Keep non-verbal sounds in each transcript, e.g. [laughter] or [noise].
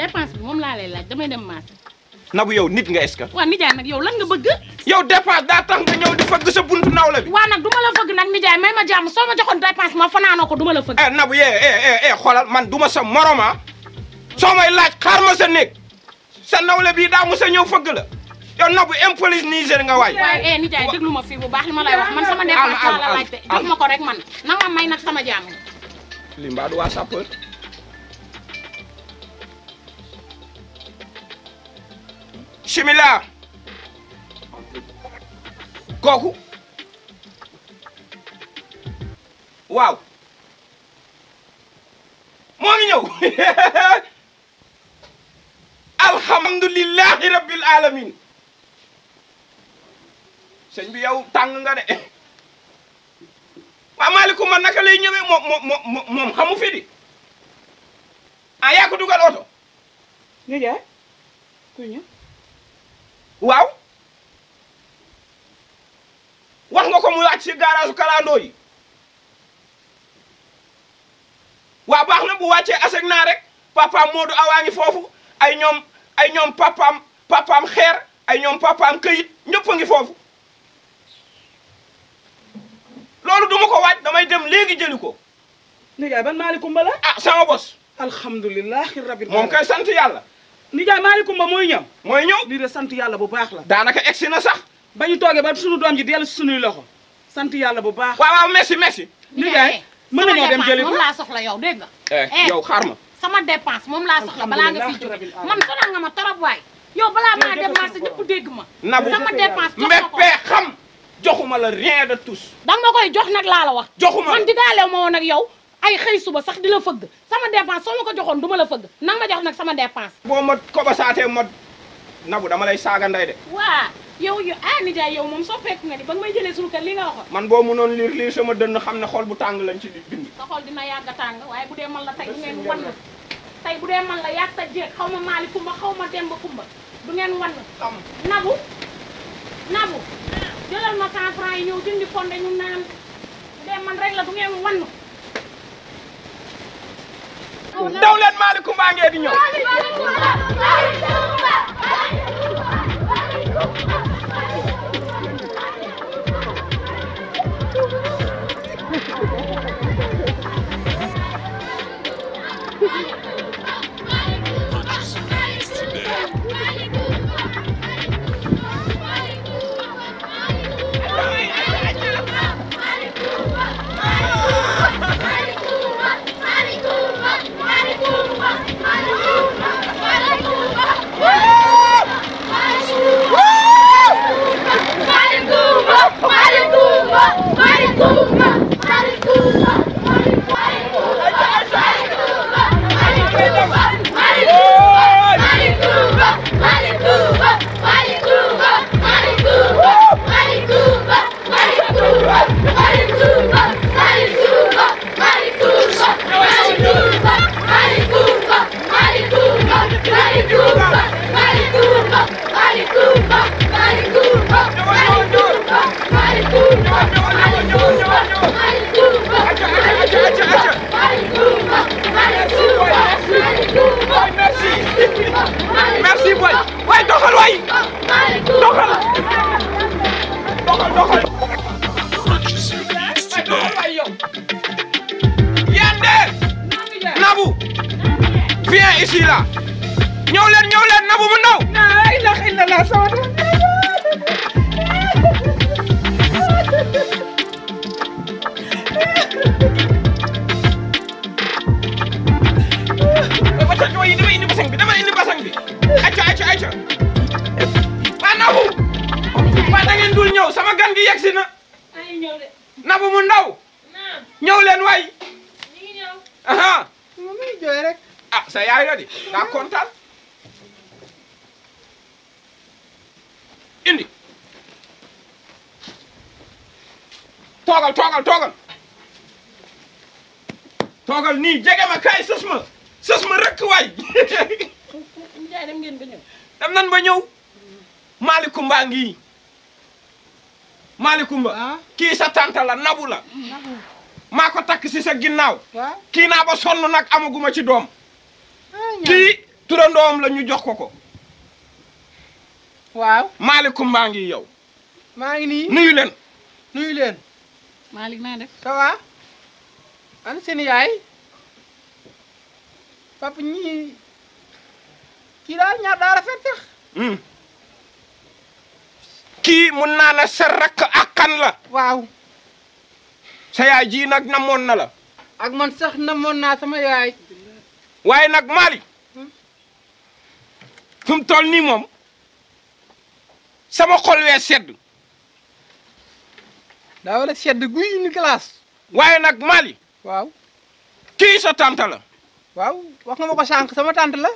dépense bi moom laa laaj damay dem marché. nabu yow nit nga est-ce que. nijaay nag yow lan nga bëgg. yow dépense daa tax nga ñëw di fëgg sa buntu nawle bi. waaw nag du ma la fëgg nag nijaay may ma jàmm soo ma joxoon dépense ma fanaanoo ko du ma la fëgg. eh Nabou yee eh, eh, eh, eh man du ma sa moroma soo may laaj xaar ma sa néeg sa nawle bii daa mu sa ñëw fëgg la. yow Nabou impolise niger nga waay. waaye eh nijaay déglu ma fii bu baax li ma lay wax man sama dépense laa la laaj ko rek man nag ma may nag sama jàmm. li mbaa simila kooku waaw moo ngi ñëw [laughs] alhamdulilahi rabbil alamin sëñ bi yow tàng nga de waaw Malick man naka lay ñëwee moom moom moom xamu fi di ah dugal oto. ñu jaay kuy waaw wax nga ko muy wàcc si garage kalandoo yi waaw baax na bu wàccee aseg naa rek papaam Modou Awa ngi foofu ay ñoom ay ñoom papaam xeer ay ñoom papaam kayit ñëpp a foofu loolu duma ko wàcc damay dem léegi jëli ko. léegi ban maalikum bala ah sama bos. alhamdulilah rabbil moom kay sant yàlla. nijaay maalikumba mooy ñëw mooy ñëw lii de sant yàlla bu baax la daanaka egsi na sax ba ñu toogee ba suñu doom ji dellu si suñuy loxo sant yàlla bu baax waaw waaw merci merci nijaay mën nañoo dem jëli ko moom laa soxla yow dégg nga eh, eh, yow xaar ma sama dépense moom laa soxla balaa nga fi jóge man sonal nga ma torop waay yow balaa maa dépense ñëpp dégg ma nabu sama dépense mbéppee xam joxuma la rien de tous danga ma koy jox nag laa la wax joxuma man digaalew ma woon ak yow ay xëy suba sax di la fëgg sama dépense soo ma ko joxoon du ma la fëgg nang ma jox nag sama dépense. boo ma ko ba saatee ma nabu dama lay saaga nday de. waa yow yu ah nijaay yow moom soo fekk nga ni ba may jëlee suñu kër li nga waxoon. man boo mënoon liir liir sama dënn xam ne xol bu tàng lañ ci bind. sa xol dina yàgg a tàng waaye bu dee man la tey ngeen wan la tey bu dee man la yàgg ta jeeg xaw ma maali kumba xaw ma demba kumba du ngeen wan nabu nabu jëlal ma 100 bu dee man rek la du ngeen wan daw leen Malicoumba ngeen di ñëw. ici là ñëw leen ñëw leen Nabou bu ndaw. laa ilaaha illallaah sama doom. dafa toj waa yi dama indi basang bi dama indi basang bi. acca acca acca. waa Nabou. waa da ngeen dul ñëw sama gan gi yegg si na. Nabou mu ndaw. ñëw leen waay. ñu ngi ñëw. aha. ma may jooy rek. ah sa yaay la di daa kontaan indi toogal toogal toogal nii jege ma kaay sës ma sës ma rëkk waay njaay dem ngeen ba ñëw dem nan ba ñëw kumba ngi ah. kii sa tante nabu la maa ko takk si sa ginnaaw kii naa ba sonn nag amaguma ci doom kii turandoom la ñu jox ko ko. waaw Malicoum maa ngi yow. maa ngi nii nuyu leen. nuyu leen. Malick naa def. ça va. an seen yaay. papa ñii kii daal ñaar daal rafet sax. Hmm. kii mun naa la sa rakk ak kan la. waaw. sa yaay ji nag namoon na la. ak man sax namoon naa sama yaay. waaye nag Mali fum mu toll nii moom sama xol wee sedd. daa sedd guy ni glace. waaye nag Mali. waaw kii sa tante la. waaw wax nga ko sànq sama tante la.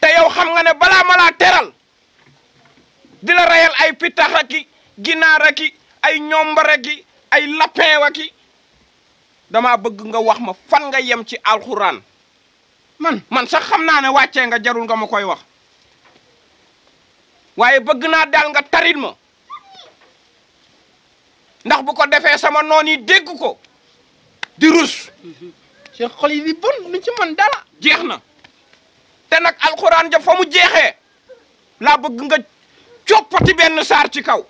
te yow xam nga ne balaa ma laa teral di la reyal ay pitax ak i ginaar ak ay ñombar ak i ay lapin ak i dama bëgg nga wax ma fan nga yem ci alxuraan man man sax xam naa ne wàccee nga jarul nga ma koy wax waaye bëgg naa daal nga tarit ma ndax bu ko defee sama noon yi dégg ko di rus seen xol ci mën dara jeex na te nag alxuraan ja fa mu jeexee laa bëgg nga coppati benn saar ci kaw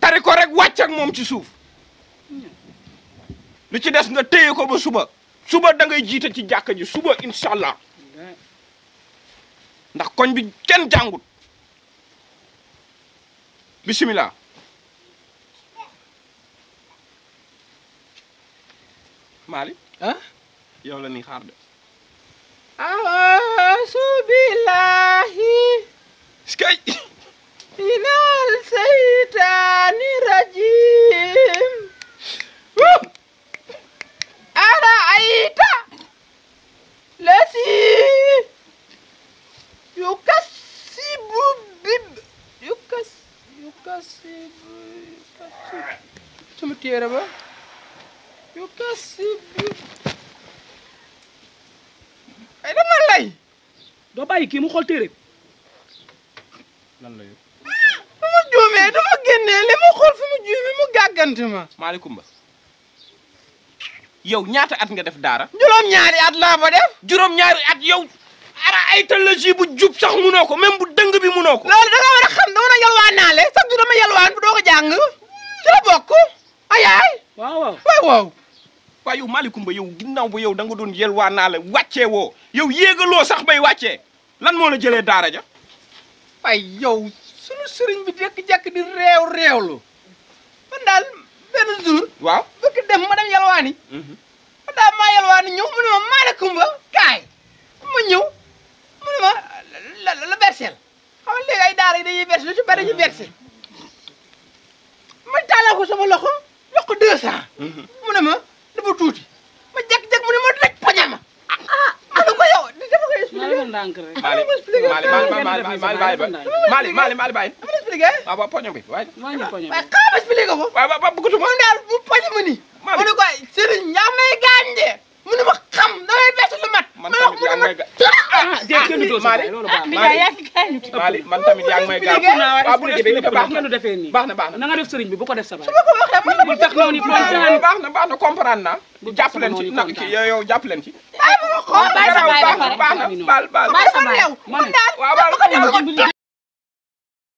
tari ko rek wàcc moom ci suuf li ci des nga téye ko ba suba suba da ngay jiite ci jàkka ji suba incha allah ndax koñ bi kenn jàngut bisimilah. Mali ah yow la ni xaar de. awaasu billahi. iskay. minal seytaani kas sama téere ba yu kas ay dama lay doo bàyyi kii mu xool téere yow fu mu juumee du ma génnee mu xool fu mu juumee mu gàggante ma maaleykum ba yow ñaata at nga def daara juróom-ñaari at laa ba def juróom-ñaari at yow ara ay talogie bu jub sax munoo ko même bu dëng bi munoo ko. loolu da war a xam dama na yalwaan sax du dama yalwaan bu doo ko jàng ci la bokk ayaay. waaw waaw waaw. waaye yow Malicoumba yow ginnaaw ba yow danga nga doon yalwaan naa le wàccee woo yow yéegaloo sax bay wàccee lan moo la jëlee daara ja. waaye bi jékki-jékki di réew réewlu man daal benn jour. waaw bëgg dem ma dem yalwaani. Mhm. man daal maa yalwaani ñëw mu ne ma Malicoumba. la ñu ma taalaa ko sama loxo jox ko deux cent. mu ne ma dafa tuuti ma jékki-jékki mu ne ma daj poñam ma. ah ana ko yow dafa koy expliqué. ndànk rek Mali Mali Mali Mali Mali Mali bàyyi. dafa expliqué. waaw waaw ma expliqué ko. waaw waaw bëggatu ma. daal mu poñam ma nii. Mali ma ne gaañ de mu ma xam da ngay versé lu mat. ah déet kenn du doon Malick Malick man tamit yaa ngi may bu dee baax na defee nii baax na baax na na ko def sa baay bu tax noonu kontaan baax na baax na comprendre naa jàpp leen ci nag ki yow jàpp leen ci ay bu ma xool baax na baax na